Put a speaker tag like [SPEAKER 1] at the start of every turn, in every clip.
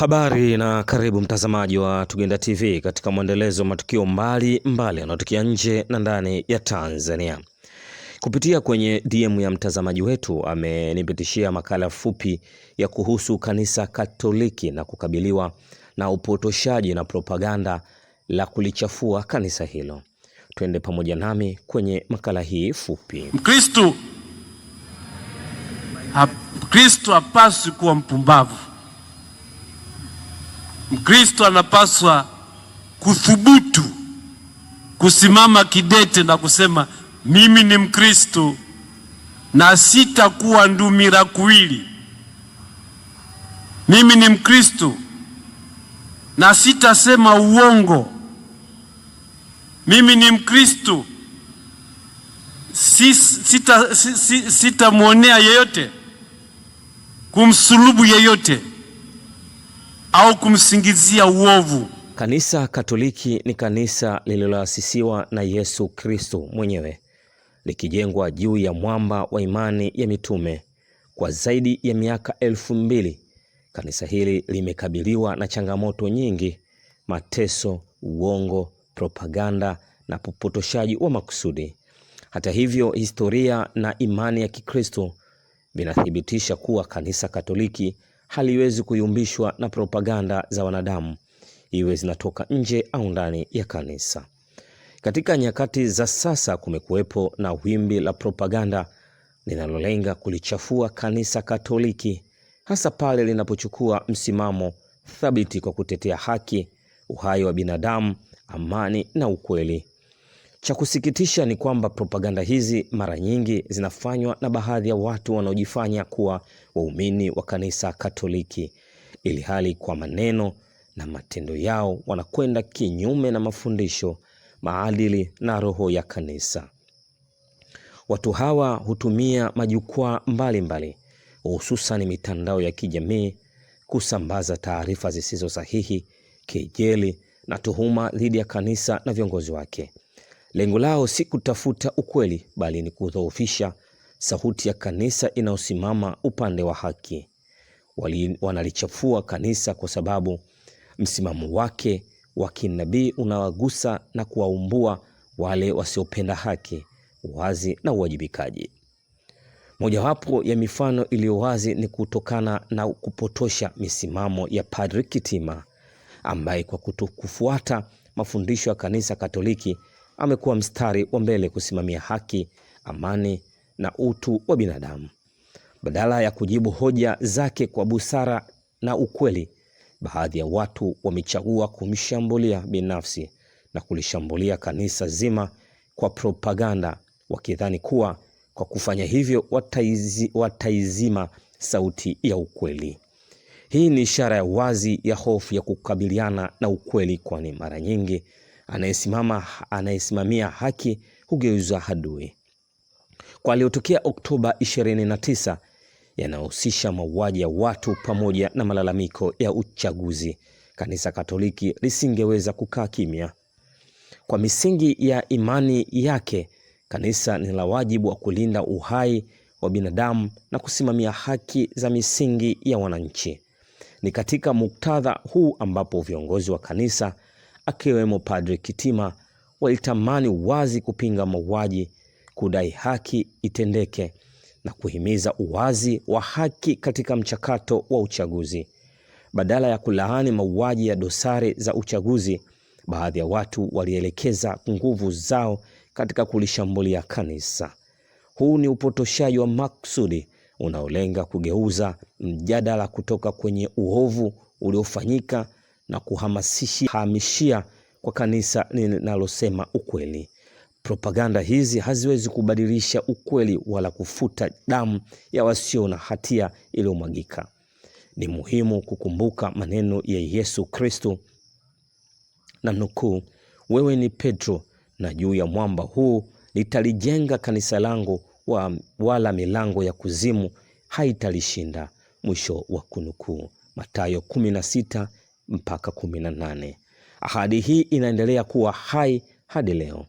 [SPEAKER 1] Habari na karibu mtazamaji wa Tugenda TV katika mwendelezo wa matukio mbali mbali yanayotokea nje na ndani ya Tanzania. Kupitia kwenye DM ya mtazamaji wetu amenipitishia makala fupi ya kuhusu kanisa Katoliki na kukabiliwa na upotoshaji na propaganda la kulichafua kanisa hilo. Twende pamoja nami kwenye makala hii fupi.
[SPEAKER 2] Mkristo hapaswi kuwa mpumbavu. Mkristo anapaswa kuthubutu kusimama kidete na kusema mimi ni Mkristo na sitakuwa ndumira kuwili. Mimi ni Mkristo na sitasema uongo. Mimi ni Mkristo sitamwonea sita yeyote kumsulubu yeyote au kumsingizia uovu.
[SPEAKER 1] Kanisa Katoliki ni kanisa lililoasisiwa na Yesu Kristo mwenyewe likijengwa juu ya mwamba wa imani ya mitume. Kwa zaidi ya miaka elfu mbili kanisa hili limekabiliwa na changamoto nyingi: mateso, uongo, propaganda na upotoshaji wa makusudi. Hata hivyo, historia na imani ya Kikristo vinathibitisha kuwa Kanisa Katoliki haliwezi kuyumbishwa na propaganda za wanadamu, iwe zinatoka nje au ndani ya kanisa. Katika nyakati za sasa kumekuwepo na wimbi la propaganda linalolenga kulichafua kanisa Katoliki, hasa pale linapochukua msimamo thabiti kwa kutetea haki, uhai wa binadamu, amani na ukweli. Cha kusikitisha ni kwamba propaganda hizi mara nyingi zinafanywa na baadhi ya watu wanaojifanya kuwa waumini wa kanisa Katoliki, ili hali kwa maneno na matendo yao wanakwenda kinyume na mafundisho, maadili na roho ya kanisa. Watu hawa hutumia majukwaa mbalimbali, hususan mitandao ya kijamii kusambaza taarifa zisizo sahihi, kejeli na tuhuma dhidi ya kanisa na viongozi wake. Lengo lao si kutafuta ukweli, bali ni kudhoofisha sauti ya kanisa inayosimama upande wa haki. Wali, wanalichafua kanisa kwa sababu msimamo wake wa kinabii unawagusa na kuwaumbua wale wasiopenda haki, uwazi na uwajibikaji. Mojawapo ya mifano iliyo wazi ni kutokana na kupotosha misimamo ya Padri Kitima ambaye kwa kutokufuata mafundisho ya kanisa Katoliki amekuwa mstari wa mbele kusimamia haki, amani na utu wa binadamu. Badala ya kujibu hoja zake kwa busara na ukweli, baadhi ya watu wamechagua kumshambulia binafsi na kulishambulia kanisa zima kwa propaganda, wakidhani kuwa kwa kufanya hivyo wataizi, wataizima sauti ya ukweli. Hii ni ishara ya wazi ya hofu ya kukabiliana na ukweli, kwani mara nyingi anayesimama anayesimamia haki hugeuzwa adui. Kwa aliyotokea Oktoba 29 yanahusisha mauaji ya watu pamoja na malalamiko ya uchaguzi, Kanisa Katoliki lisingeweza kukaa kimya. Kwa misingi ya imani yake, kanisa ni la wajibu wa kulinda uhai wa binadamu na kusimamia haki za misingi ya wananchi. Ni katika muktadha huu ambapo viongozi wa kanisa akiwemo Padre Kitima walitamani wazi kupinga mauaji, kudai haki itendeke na kuhimiza uwazi wa haki katika mchakato wa uchaguzi. Badala ya kulaani mauaji ya dosari za uchaguzi, baadhi ya watu walielekeza nguvu zao katika kulishambulia kanisa. Huu ni upotoshaji wa maksudi unaolenga kugeuza mjadala kutoka kwenye uovu uliofanyika na kuhamasisha kwa kanisa linalosema ukweli. Propaganda hizi haziwezi kubadilisha ukweli wala kufuta damu ya wasio na hatia iliyomwagika. Ni muhimu kukumbuka maneno ya Yesu Kristo na nukuu, wewe ni Petro na juu ya mwamba huu nitalijenga kanisa langu wa, wala milango ya kuzimu haitalishinda. Mwisho wa kunukuu. Mathayo mpaka 18. Ahadi hii inaendelea kuwa hai hadi leo.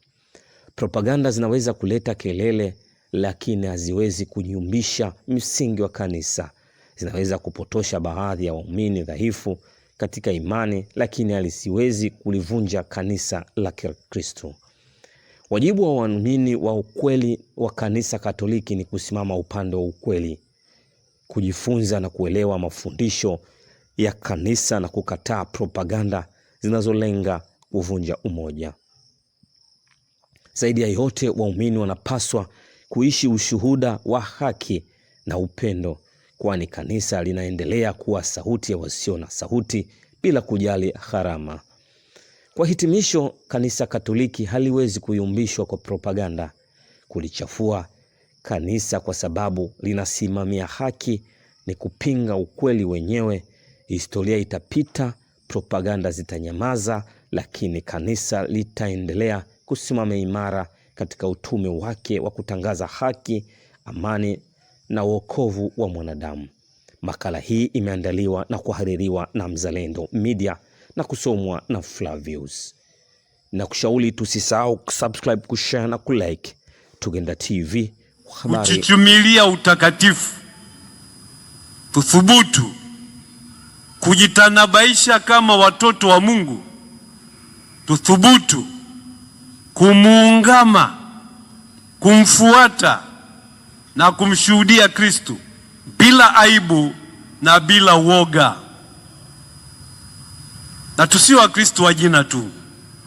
[SPEAKER 1] Propaganda zinaweza kuleta kelele, lakini haziwezi kunyumbisha msingi wa kanisa. Zinaweza kupotosha baadhi ya waumini dhaifu katika imani, lakini halisiwezi kulivunja kanisa la Kikristo. Wajibu wa waumini wa ukweli wa kanisa Katoliki ni kusimama upande wa ukweli, kujifunza na kuelewa mafundisho ya kanisa na kukataa propaganda zinazolenga kuvunja umoja. Zaidi ya yote, waumini wanapaswa kuishi ushuhuda wa haki na upendo, kwani kanisa linaendelea kuwa sauti ya wasio na sauti bila kujali gharama. Kwa hitimisho, kanisa Katoliki haliwezi kuyumbishwa kwa propaganda kulichafua kanisa kwa sababu linasimamia haki ni kupinga ukweli wenyewe Historia itapita, propaganda zitanyamaza, lakini kanisa litaendelea kusimama imara katika utume wake wa kutangaza haki, amani na wokovu wa mwanadamu. Makala hii imeandaliwa na kuhaririwa na Mzalendo Media na kusomwa na Flavius. Na kushauri tusisahau kusubscribe, kushare na kulike Tugenda TV.
[SPEAKER 2] Kujichumilia utakatifu, tuthubutu kujitanabaisha kama watoto wa Mungu, tuthubutu kumuungama, kumfuata na kumshuhudia Kristu bila aibu na bila woga, na tusio Wakristo wa jina tu.